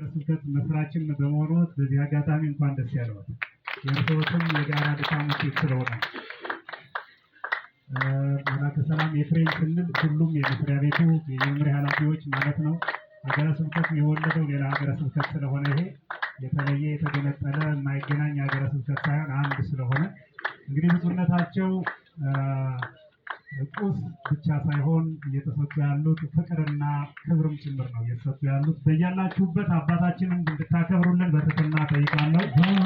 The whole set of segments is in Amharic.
ስብከት መስራችን በመሆኖት በዚህ አጋጣሚ እንኳን ደስ ያለዎት። የእርስዎትም የጋራ ድካም ውጤት ስለሆነ መላከ ሰላም ኤፍሬም ስንል ሁሉም የመስሪያ ቤቱ የመምሪያ ኃላፊዎች ማለት ነው። ሀገረ ስብከት የወለደው ሌላ ሀገረ ስብከት ስለሆነ ይሄ የተለየ የተገነጠለ የማይገናኝ ሀገረ ስብከት ሳይሆን አንድ ስለሆነ እንግዲህ ብፁዕነታቸው ቁስ ብቻ ሳይሆን እየተሰጡ ያሉት ፍቅር ጭምር ነው እየተሰጡ ያሉት። በያላችሁበት አባታችንን እንድታከብሩልን በትህትና ጠይቃለሁ።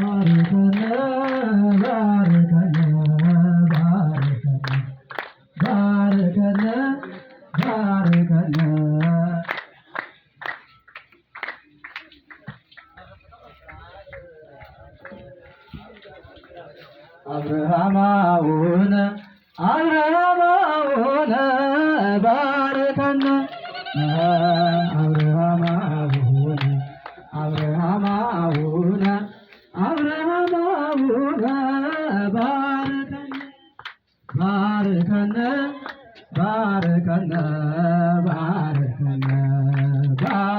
አብርሃማውን አብርሃማውን ባርከነ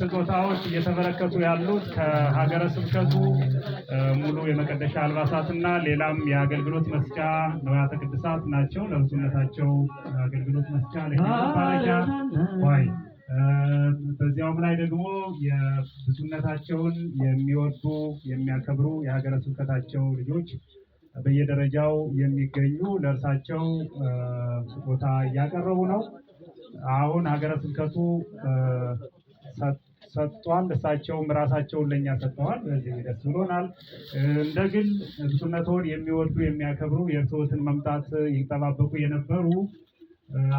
ስጦታዎች እየተበረከቱ ያሉት ከሀገረ ስብከቱ ሙሉ የመቀደሻ አልባሳትና ሌላም የአገልግሎት መስጫ ንዋያተ ቅድሳት ናቸው። ለብዙነታቸው አገልግሎት መስጫ ለማረጃ ዋይ በዚያውም ላይ ደግሞ የብዙነታቸውን የሚወዱ የሚያከብሩ የሀገረ ስብከታቸው ልጆች በየደረጃው የሚገኙ ለእርሳቸው ስጦታ እያቀረቡ ነው። አሁን ሀገረ ስብከቱ ሰጥቷል። እሳቸውም ራሳቸውን ለእኛ ሰጥተዋል። በዚህ ደስ ብሎናል። እንደ ግል የሚወዱ የሚያከብሩ የእርስዎትን መምጣት ይጠባበቁ የነበሩ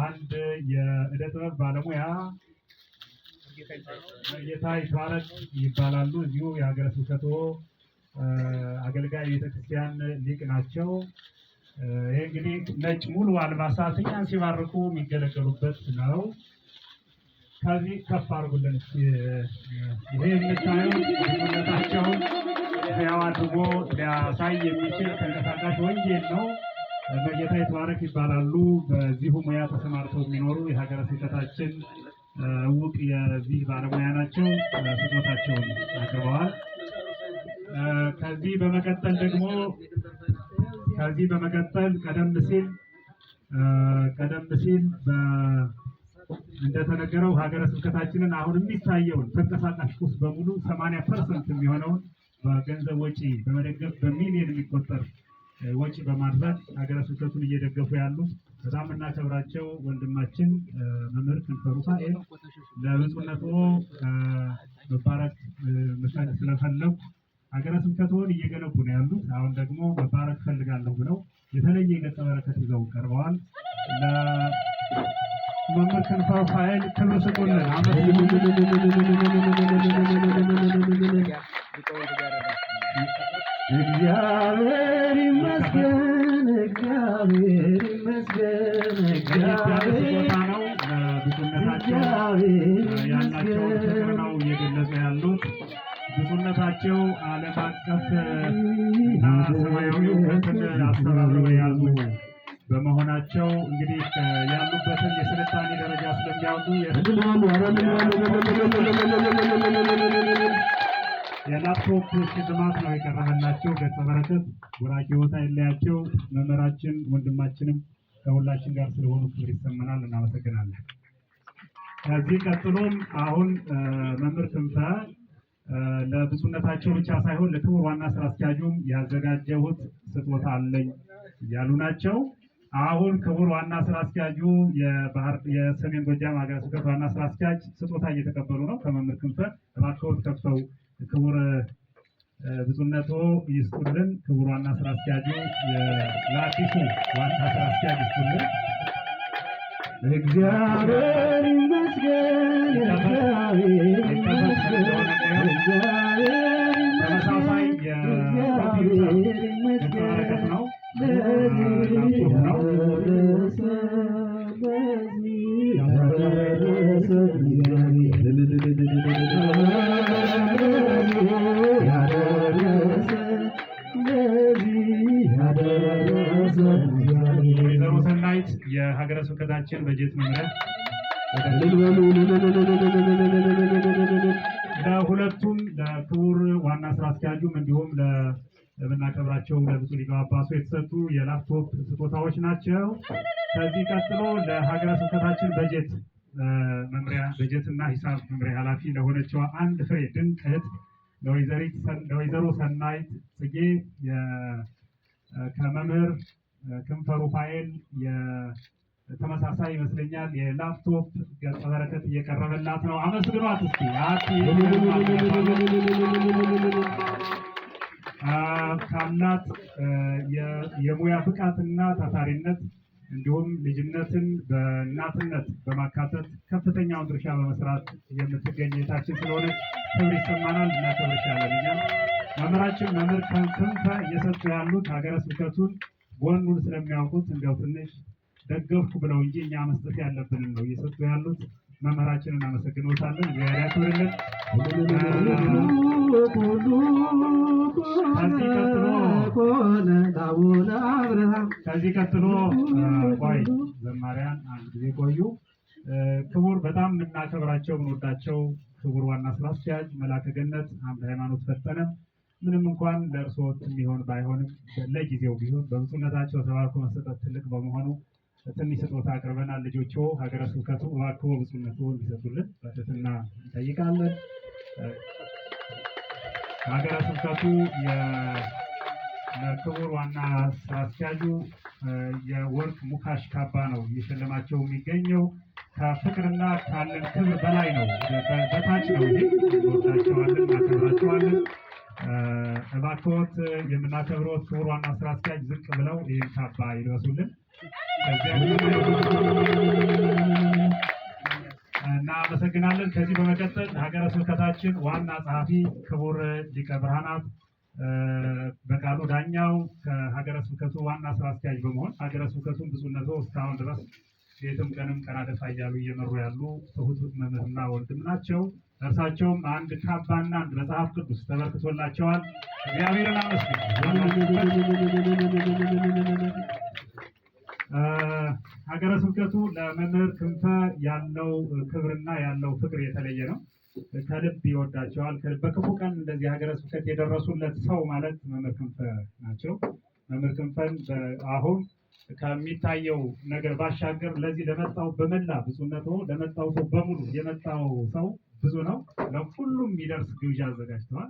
አንድ የእደ ጥበብ ባለሙያ ጌታ ይባረክ ይባላሉ። እዚሁ የሀገረ ስብከቶ አገልጋይ ቤተክርስቲያን ሊቅ ናቸው። ይህ እንግዲህ ነጭ ሙሉ አልባሳት እኛን ሲባርኩ የሚገለገሉበት ነው። ከዚህ ከፍ አድርጉልን። ይሄ የምታየው ነታቸውን ሕያው አድርጎ ሊያሳይ የሚችል ተንቀሳቃሽ ወንጌል ነው። በጌታ የተባረክ ይባላሉ። በዚሁ ሙያ ተሰማርተው የሚኖሩ የሀገረ ስብከታችን ውቅ የዚህ ባለሙያ ናቸው። ስጦታቸውን አቅርበዋል። ከዚህ በመቀጠል ደግሞ ከዚህ በመቀጠል ቀደም ሲል ቀደም ሲል እንደተነገረው ሀገረ ስብከታችንን አሁን የሚታየውን ተንቀሳቃሽ ቁስ በሙሉ 80 ፐርሰንት የሚሆነውን በገንዘብ ወጪ በመደገፍ በሚሊየን የሚቆጠር ወጪ በማድረግ ሀገረ ስብከቱን እየደገፉ ያሉት በጣም እናከብራቸው ወንድማችን መምህር ክንፈ ሩፋኤል ለብፁዕነቱ መባረክ ስለፈለጉ ሀገረ ስብከቱን እየገነቡ ነው ያሉት። አሁን ደግሞ መባረክ ፈልጋለሁ ብለው የተለየ ገጸ በረከት ይዘው ቀርበዋል። መምህር ክንፈ ፋይል እግዚአብሔር ይመስገን፣ እግዚአብሔር ይመስገን፣ እግዚአብሔር ናቸው። እንግዲህ ያሉበትን የስልጣኔ ደረጃ ስለሚያውቁ የላፕቶፕ ሽልማት ነው የቀረበላቸው። ገጸ በረከት ጉራጌ ቦታ የለያቸው መምህራችን ወንድማችንም ከሁላችን ጋር ስለሆኑ ክብር ይሰማናል። እናመሰግናለን። ከዚህ ቀጥሎም አሁን መምህር ክንፈ ለብፁዕነታቸው ብቻ ሳይሆን ለክቡር ዋና ስራ አስኪያጁም ያዘጋጀሁት ስጦታ አለኝ እያሉ ናቸው። አሁን ክቡር ዋና ስራ አስኪያጁ የሰሜን ጎጃም ሀገረ ስብከት ዋና ስራ አስኪያጅ ስጦታ እየተቀበሉ ነው ከመምህር ክንፈ እባክዎት ከፍተው ክቡር ብፁዕነቶ ይስጡልን። ክቡር ዋና ስራ አስኪያጁ የላቲቱ ዋና ስራ አስኪያጅ ይስጡልን። እግዚአብሔር ይመስገን። ወይዘሮ ሰናይት የሀገረ ስብከታችን በጀት መምሪያ ለሁለቱም ለክቡር ዋና ስራ አስኪያጁም እንዲሁም ለምናከብራቸው ለብፁዕ ሊቀ ጳጳሱ የተሰጡ የላፕቶፕ ስጦታዎች ናቸው። ከዚህ ቀጥሎ ለሀገረ ስብከታችን በጀት መምሪያ በጀትና ሂሳብ መምሪያ ኃላፊ ለሆነችው አንድ ፍሬ ድንቅ እህት ለወይዘሮ ሰናይት ጽጌ ከመምህር ክንፈሩ ፋይል ተመሳሳይ ይመስለኛል የላፕቶፕ ገጸ በረከት እየቀረበላት ነው። አመስግኗት እስኪ። ካላት የሙያ ብቃትና ታታሪነት እንዲሁም ልጅነትን በእናትነት በማካተት ከፍተኛውን ድርሻ በመስራት የምትገኝ የታችን ስለሆነች ክብር ይሰማናል እና ክብር ይሻለን። መምህራችን መምህር ክንፈ እየሰጡ ያሉት ሀገረ ስብከቱን ጎኑን ስለሚያውቁት እንዲያው ትንሽ ደገፍኩ ብለው እንጂ እኛ መስጠት ያለብንን ነው እየሰጡ ያሉት። መመራችን እናመሰግኖታለን። እግዚአብሔር ከዚህ ቀጥሎ ቆይ ዘማሪያን አንድ ጊዜ ቆዩ። ክቡር በጣም የምናከብራቸው የምንወዳቸው ክቡር ዋና ስራ አስኪያጅ መላከ ገነት አምደ ሃይማኖት ፈጠነ ምንም እንኳን ለእርስዎት የሚሆን ባይሆንም ለጊዜው ቢሆን በብፁዕነታቸው ተባርኮ መሰጠት ትልቅ በመሆኑ ትንሽ ስጦታ አቅርበናል። ልጆቹ ሀገረ ስብከቱ እባክዎ ብፁዕነቱ እንዲሰጡልን በትህትና እንጠይቃለን። ሀገረ ስብከቱ ለክቡር ዋና ስራ አስኪያጁ የወርቅ ሙካሽ ካባ ነው እየሸለማቸው የሚገኘው። ከፍቅርና ካለን ክብር በላይ ነው፣ በታች ነው። ወታቸዋለን፣ እናከብራቸዋለን። እባክዎት የምናከብረዎት ክቡር ዋና ስራ አስኪያጅ ዝቅ ብለው ይህን ካባ ይልበሱልን እናመሰግናለን። ከዚህ በመቀጠል ሀገረ ስብከታችን ዋና ጸሐፊ ክቡር ሊቀ ብርሃናት በቃሉ ዳኛው ከሀገረ ስብከቱ ዋና ስራ አስኪያጅ በመሆን ሀገረ ስብከቱን ብፁዕነቶ እስካሁን ድረስ ቤትም ቀንም ቀን አደፋ እያሉ እየመሩ ያሉ ትሁት መምህርና ወንድም ናቸው። እርሳቸውም አንድ ካባና አንድ መጽሐፍ ቅዱስ ተበርክቶላቸዋል። እግዚአብሔርን አመስግኑ። ሀገረ ስብከቱ ለመምህር ክንፈ ያለው ክብርና ያለው ፍቅር የተለየ ነው። ከልብ ይወዳቸዋል። በክፉ ቀን እንደዚህ ሀገረ ስብከት የደረሱለት ሰው ማለት መምህር ክንፈ ናቸው። መምህር ክንፈን አሁን ከሚታየው ነገር ባሻገር ለዚህ ለመጣው በመላ ብፁዕነቱ ለመጣው ሰው በሙሉ የመጣው ሰው ብዙ ነው። ለሁሉም የሚደርስ ግብዣ አዘጋጅተዋል።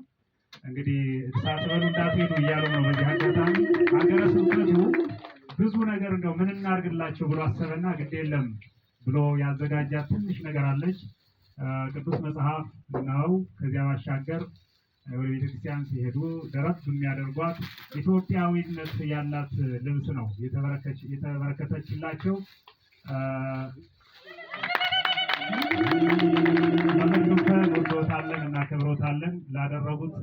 እንግዲህ ሳትበሉ እንዳትሄዱ እያሉ ነው። በዚህ አጋጣሚ ሀገረ ስብከቱ ብዙ ነገር እንደው ምን እናድርግላቸው ብሎ አሰበና ግድ የለም ብሎ ያዘጋጃት ትንሽ ነገር አለች። ቅዱስ መጽሐፍ ነው። ከዚያ ባሻገር ወደ ቤተክርስቲያን ሲሄዱ ደረት የሚያደርጓት ኢትዮጵያዊነት ያላት ልብስ ነው የተበረከተችላቸው።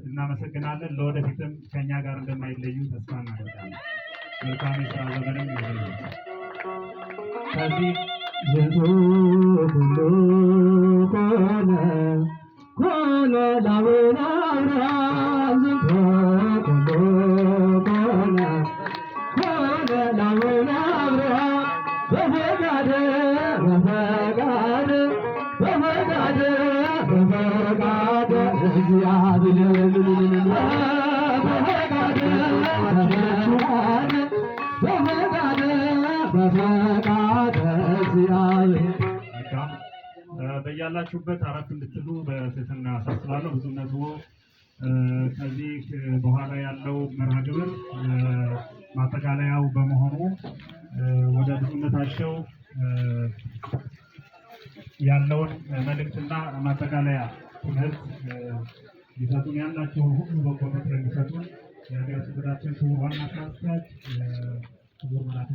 እናመሰግናለን። ለወደፊትም ከኛ ጋር እንደማይለዩ ተስፋ እናደርጋለን። መልካም የስራ ዘመንም ይሆ ከዚህ ዝቱ ሆነ ሆነ ኮነ ላቡናብራ ዝቶ በያላችሁበት አራት እንድትሉ በትህትና አሳስባለሁ። ብዙነቱ ከዚህ በኋላ ያለው መርሃ ግብር ማጠቃለያው በመሆኑ ወደ ብዙነታቸው ያለውን መልእክትና ማጠቃለያ ትምህርት ሊሰጡን ያላቸው ሁሉ በጎ የሚሰጡን የሀገረ ስብከታችን ክቡር ዋና ስራ አስኪያጅ ክቡር መላከ